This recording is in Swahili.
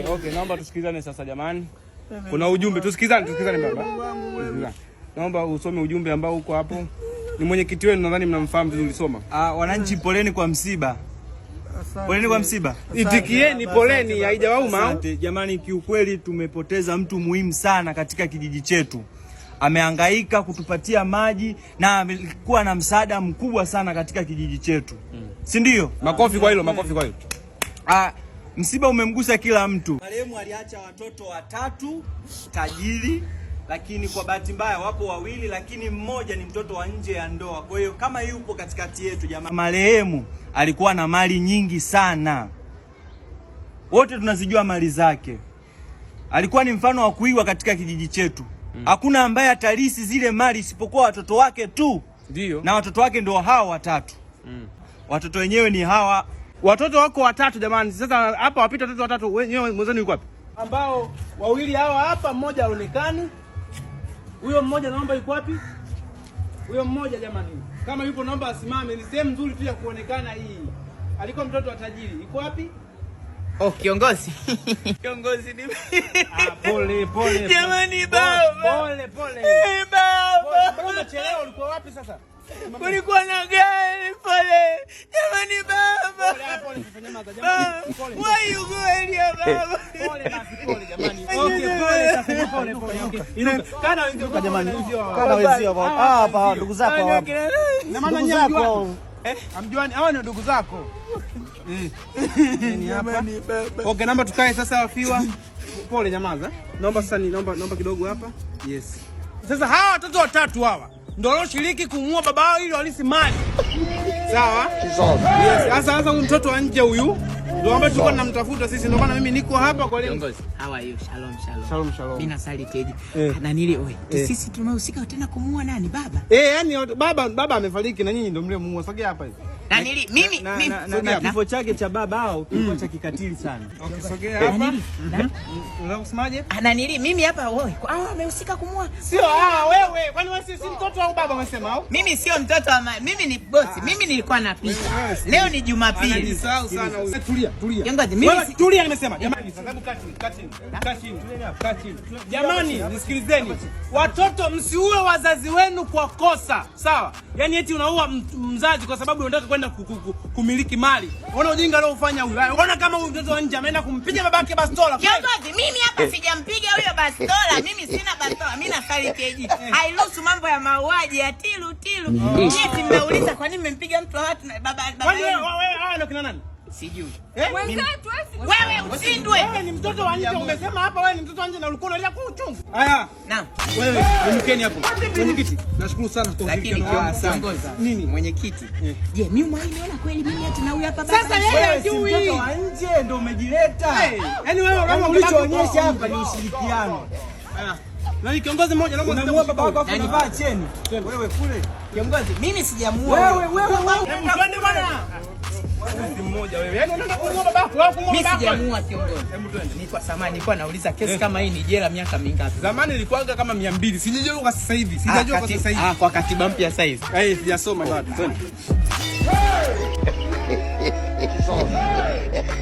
Okay, okay, naomba tusikizane sasa jamani. Kuna ujumbe, tusikizane, tusikizane baba. Naomba usome ujumbe ambao uko hapo. Ni mwenyekiti wenu nadhani mnamfahamu vizuri soma. Ah, wananchi poleni kwa msiba. Poleni kwa msiba. Itikieni poleni, haijawauma. Asante jamani, kiukweli tumepoteza mtu muhimu sana katika kijiji chetu. Amehangaika kutupatia maji na amekuwa na msaada mkubwa sana katika kijiji chetu. Hmm. Si ndio? Makofi kwa hilo, makofi kwa hilo. Ah, Msiba umemgusa kila mtu. Marehemu aliacha watoto watatu tajiri, lakini kwa bahati mbaya wapo wawili, lakini mmoja ni mtoto wa nje ya ndoa. Kwa hiyo kama yupo katikati yetu jamaa, marehemu alikuwa na mali nyingi sana, wote tunazijua mali zake. Alikuwa ni mfano wa kuigwa katika kijiji chetu. Mm. Hakuna ambaye atalisi zile mali isipokuwa watoto wake tu, ndio na watoto wake ndio hao watatu mm. Watoto wenyewe ni hawa watoto wako watatu jamani. Sasa hapa wapita watoto watatu, wenyewe mwenzenu yuko wapi? Ambao wawili hawa hapa, mmoja haonekani. Huyo mmoja naomba yuko wapi? Huyo mmoja jamani, kama yupo naomba asimame. Ni sehemu nzuri tu ya kuonekana hii. Aliko mtoto wa tajiri, yuko wapi? Oh, kiongozi kiongozi ni ah, pole pole jamani, baba pole pole, eh, baba Mbona chelewa ulikuwa wapi sasa? Kulikuwa na gari pale jamani, baba waiukweli, ndugu zako amjuani, hawa eh, ni ndugu zako. Eh. Okay, naomba tukae sasa, wafiwa. Pole nyamaza, naomba sasa, naomba naomba kidogo hapa. Yes, sasa hawa watoto watatu hawa ndio walioshiriki kumuua babao ili walisi mali sawa. Yes, sasa mtoto wa nje huyu ndio ambaye tulikuwa tunamtafuta sisi, ndio maana mimi niko hapa kwa leo. Hawa hiyo shalom shalom. Shalom shalom. Mimi nasali keji. Eh. Na nili wewe. Eh. Sisi tumehusika tena kumuua nani baba? Eh, yani baba baba amefariki na nyinyi ndio mliomuua. Sogea hapa hivi na kifo chake cha baba au kilikuwa cha kikatili sana. Ukisogea hapa. Hmm? Unataka kusemaje? Ananili ah, mimi hapa oh, wewe. Ah, amehusika kumua. Sio ah wewe. Kwani wewe si mtoto au baba umesema au? Mimi sio mtoto wa mimi ni bosi. Ah. Mimi nilikuwa napika. Leo ni Jumapili. Anajisahau sana huyu. Tulia, tulia. Mimi tulia nimesema. Jamani, sababu kati kati kati. Jamani, nisikilizeni. Watoto msiue wazazi wenu kwa kosa. Sawa? Yaani eti unaua mzazi kwa sababu unataka kwenda kwenda kumiliki mali. Unaona ujinga leo ufanya huyo. Unaona eh, kama huyo mtoto wa nje ameenda kumpiga babake bastola. Kiongozi, mimi hapa sijampiga huyo bastola. Mimi sina bastola. Mimi nasali keji. Hairuhusu mambo ya mauaji ya tilu tilu. Mm. Nyinyi mnauliza kwa nini mmempiga mtu wa watu na baba baba. Wewe wewe, wewe ndio kina nani? Sijui. Eh, wewe usindwe. Wewe ni mtoto wa nje umesema hapa wewe ni mtoto wa nje na ulikuwa unalia kwa uchungu. Haya. Naam. Wewe mkeni hapo. Mwenyekiti, nashukuru sana kwa ufiki na sana. Nini? Mwenyekiti. Eh. Je, mimi mwa nimeona kweli mimi eti na huyu hapa baba. Sasa yeye hajui. Mtoto wa nje ndio umejileta. Eh. Yaani wewe yaani kama ulichoonyesha hapa ni ushirikiano. Haya. Nani kiongozi mmoja naomba nitamua baba wako afu yaani unavaa cheni. Wewe kule. Kiongozi, mimi sijamuua. Wewe wewe wewe. Twende bwana. Mimi nilikuwa nauliza kesi kama hii ni jela miaka mingapi? Zamani ilikuanga kama 200. Sijajua kwa sasa hivi. Sijajua kwa sasa hivi. Ah, kwa katiba mpya sasa hivi. Eh, sijasoma bado. Twende.